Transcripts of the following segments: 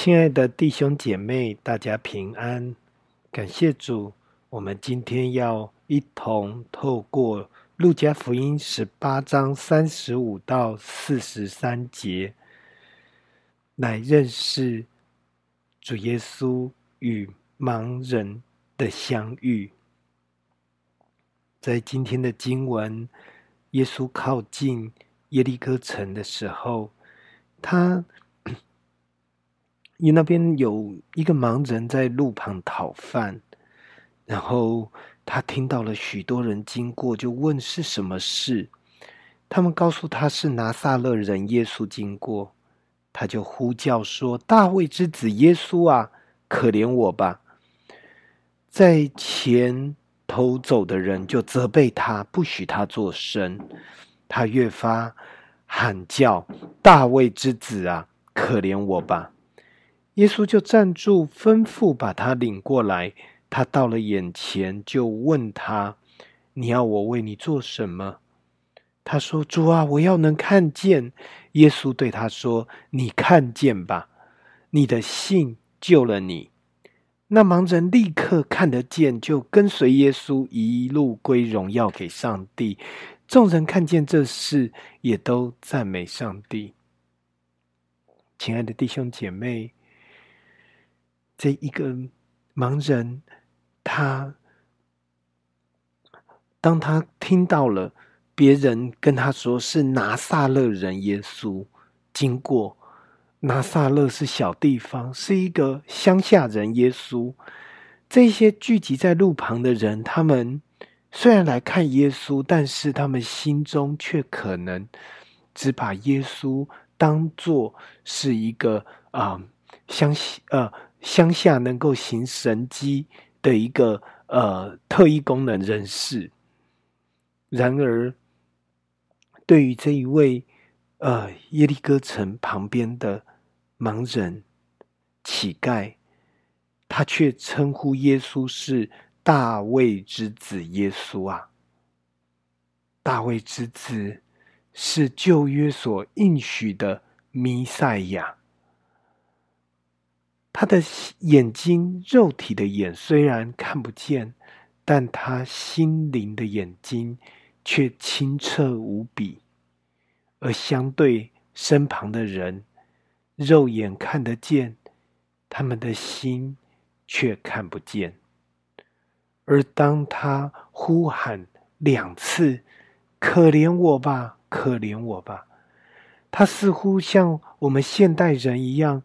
親愛的弟兄姐妹，大家平安！感謝主，我們今天要一同透過路加福音十八章三十五到四十三節，來認識主耶穌與盲人的相遇。在今天的經文，耶穌靠近耶利哥城的時候，他。你那邊有一個盲人在路旁討飯，然後他聽到了許多人經過，就問是什麼事。他們告訴他是拿撒勒人耶穌經過，他就呼叫說：“大衛之子耶穌啊，可憐我吧！”在前頭走的人就責備他，不許他作聲。他越發喊叫：“大衛之子啊，可憐我吧！”耶穌就站住，吩咐把他領過來。他到了眼前，就問他：“你要我為你做什麼？”他說：“主啊，我要能看見。”耶穌對他說：“你看見吧，你的信救了你。”那盲人立刻看得見，就跟隨耶穌一路歸榮耀給上帝。眾人看見這事，也都讚美上帝。親愛的弟兄姐妹。這一個盲人，他當他聽到了別人跟他說是拿撒勒人耶穌經過。拿撒勒是小地方，是一個鄉下人耶穌。這些聚集在路旁的人，他們雖然來看耶穌，但是他們心中卻可能只把耶穌當做是一個啊鄉下呃。鄉下能夠行神蹟的一個呃特異功能人士，然而對於這一位呃耶利哥城旁邊的盲人乞丐，他卻稱呼耶穌是大衛之子耶穌啊，大衛之子是舊約所應許的彌賽亞。他的眼睛，肉體的眼雖然看不見，但他心靈的眼睛卻清澈無比。而相對身旁的人，肉眼看得見，他們的心卻看不見。而當他呼喊兩次：“可憐我吧，可憐我吧”，他似乎像我們現代人一樣。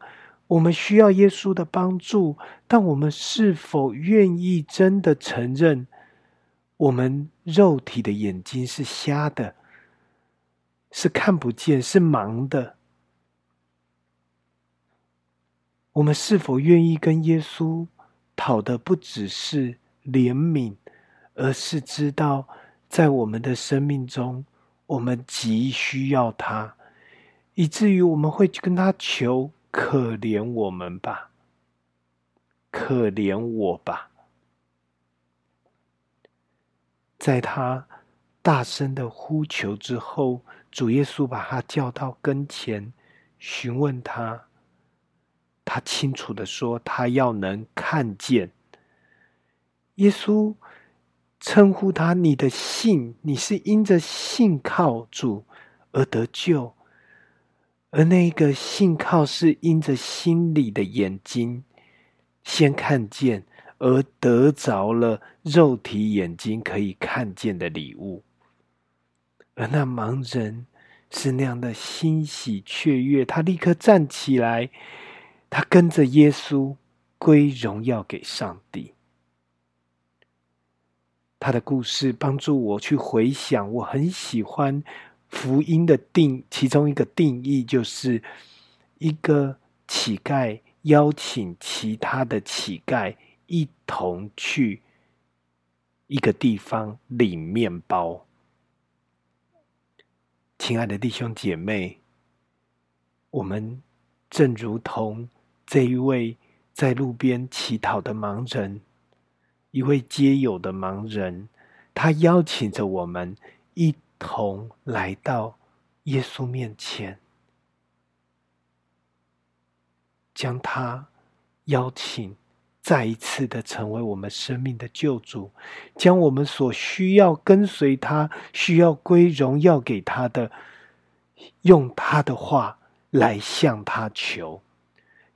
我們需要耶穌的幫助，但我們是否願意真的承認，我們肉體的眼睛是瞎的，是看不見，是盲的？我們是否願意跟耶穌討的不只是憐憫，而是知道在我們的生命中，我們急需要他，以至於我們會去跟他求？可憐我們吧，可憐我吧。在他大聲的呼求之後，主耶穌把他叫到跟前，詢問他。他清楚的說：“他要能看見。”耶穌稱呼他：“你的信，你是因着信靠主而得救。”而那個信靠是因着心裡的眼睛先看見，而得着了肉體眼睛可以看見的禮物。而那盲人是那樣的欣喜雀躍，他立刻站起來，他跟着耶穌歸榮耀給上帝。他的故事幫助我去回想，我很喜歡。福音的定義，其中一個定義就是，一個乞丐邀請其他的乞丐一同去一個地方領麵包。親愛的弟兄姐妹，我們正如同這一位在路邊乞討的盲人，一位街友的盲人，他邀請着我們一。同來到耶穌面前，將他邀請再一次的成為我們生命的救主，將我們所需要跟隨他、需要歸榮耀給他的，用他的話來向他求。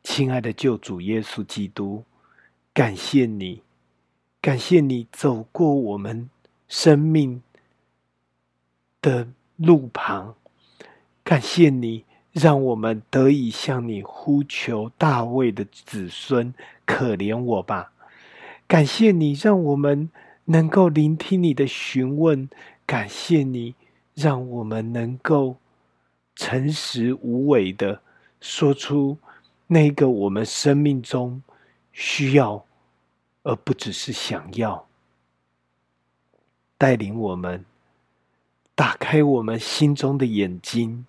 親愛的救主耶穌基督，感謝你，感謝你走過我們生命。的路旁，感謝你讓我們得以向你呼求，大衛的子孫，可憐我吧。感謝你讓我們能夠聆聽你的詢問，感謝你讓我們能夠誠實無畏的說出那個我們生命中需要，而不只是想要，帶領我們。打開我們心中的眼睛，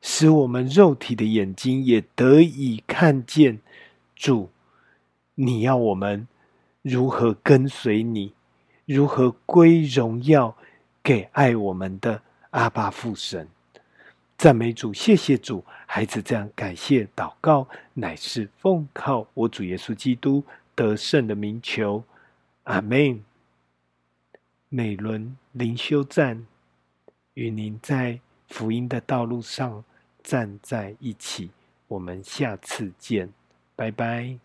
使我們肉體的眼睛也得以看見主。你要我們如何跟隨你，如何歸榮耀給愛我們的阿爸父神？讚美主，謝謝主，孩子這樣感謝禱告，乃是奉靠我主耶穌基督得勝的名求。阿門。美崙靈修讚。與您在福音的道路上站在一起，我們下次見，拜拜。